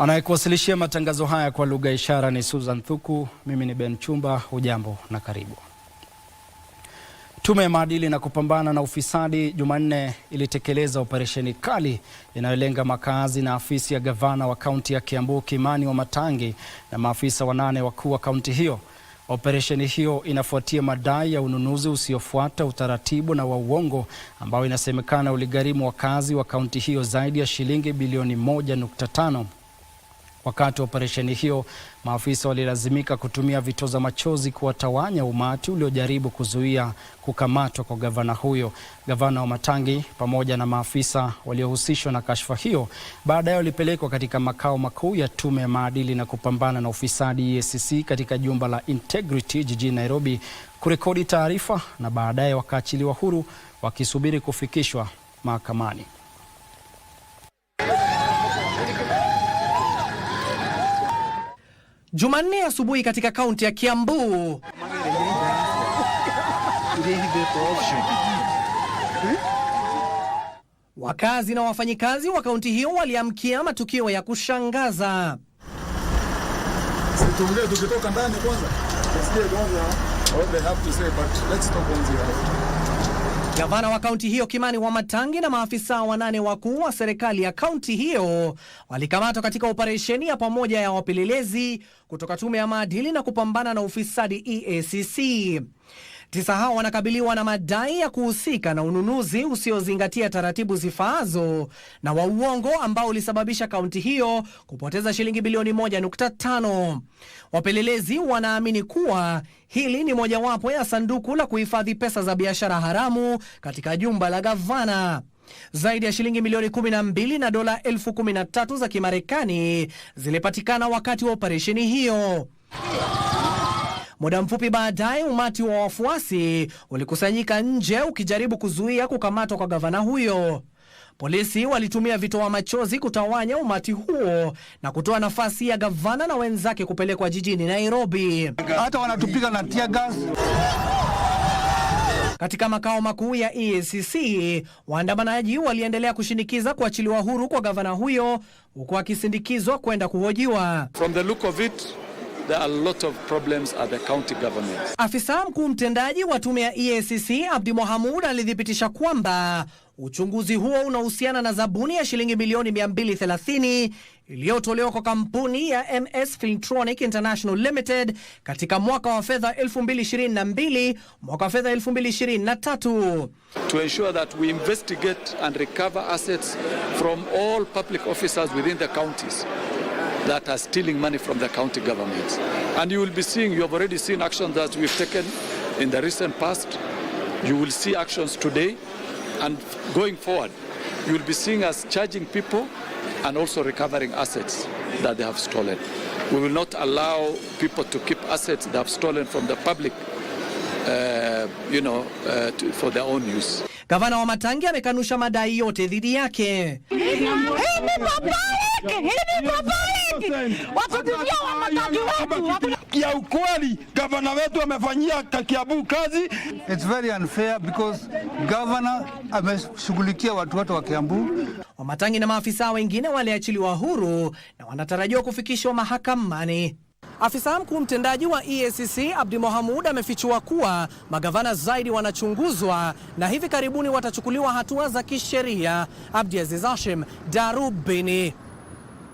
Anayekuwasilishia matangazo haya kwa lugha ya ishara ni Susan Thuku. Mimi ni Ben Chumba, hujambo na karibu. Tume ya maadili na kupambana na ufisadi Jumanne ilitekeleza operesheni kali inayolenga makazi na afisi ya gavana wa kaunti ya Kiambu Kimani matangi na maafisa wanane wakuu wa kaunti hiyo. Operesheni hiyo inafuatia madai ya ununuzi usiofuata utaratibu na wa uongo ambao inasemekana uligharimu wakazi wa kaunti hiyo zaidi ya shilingi bilioni 1.5. Wakati wa operesheni hiyo, maafisa walilazimika kutumia vitoza machozi kuwatawanya umati uliojaribu kuzuia kukamatwa kwa gavana huyo. Gavana wa matangi pamoja na maafisa waliohusishwa na kashfa hiyo baadaye walipelekwa katika makao makuu ya Tume ya Maadili na Kupambana na Ufisadi EACC katika jumba la Integrity jijini Nairobi kurekodi taarifa na baadaye wakaachiliwa huru wakisubiri kufikishwa mahakamani. Jumanne asubuhi katika kaunti ya Kiambu. Wakazi na wafanyikazi wa kaunti hiyo waliamkia matukio ya kushangaza. Gavana wa kaunti hiyo Kimani Wamatangi na maafisa wanane wakuu wa serikali ya kaunti hiyo walikamatwa katika operesheni ya pamoja ya wapelelezi kutoka tume ya maadili na kupambana na ufisadi EACC. Tisa hao wanakabiliwa na madai ya kuhusika na ununuzi usiozingatia taratibu zifaazo na wa uongo ambao ulisababisha kaunti hiyo kupoteza shilingi bilioni 1.5. Wapelelezi wanaamini kuwa hili ni mojawapo ya sanduku la kuhifadhi pesa za biashara haramu katika jumba la gavana. Zaidi ya shilingi milioni 12 na dola elfu 13 za Kimarekani zilipatikana wakati wa operesheni hiyo. Muda mfupi baadaye, umati wa wafuasi ulikusanyika nje ukijaribu kuzuia kukamatwa kwa gavana huyo. Polisi walitumia vitoa wa machozi kutawanya umati huo na kutoa nafasi ya gavana na wenzake kupelekwa jijini Nairobi. Hata wanatupiga na tear gas. Katika makao makuu ya EACC waandamanaji waliendelea kushinikiza kuachiliwa huru kwa gavana huyo huku akisindikizwa kwenda kuhojiwa. From the look of it There are a lot of problems at the county government. Afisa mkuu mtendaji wa tume ya EACC Abdi Mohamud alithibitisha kwamba uchunguzi huo unahusiana na zabuni ya shilingi milioni 230 iliyotolewa kwa kampuni ya MS Filtronic International Limited katika mwaka wa fedha 2022 mwaka wa fedha 2023 to ensure that we investigate and recover assets from all public officers within the counties that are stealing money from the county governments. And you will be seeing, you have already seen actions that we've taken in the recent past. You will see actions today and going forward. You will be seeing us charging people and also recovering assets that they have stolen. We will not allow people to keep assets they have stolen from the public, uh, you know, uh, to, for their own use. Gavana wa Matangi amekanusha madai yote dhidi yake. ya ukweli gavana wetu amefanyia kakiabu kazi. It's very unfair because governor ameshughulikia watu wote wa Kiambu. Wamatangi na maafisa wengine waliachiliwa huru na wanatarajiwa kufikishwa mahakamani. Afisa mkuu mtendaji wa EACC Abdi Mohamud amefichua kuwa magavana zaidi wanachunguzwa na hivi karibuni watachukuliwa hatua za kisheria. Abdi Aziz Hashim, Darubini.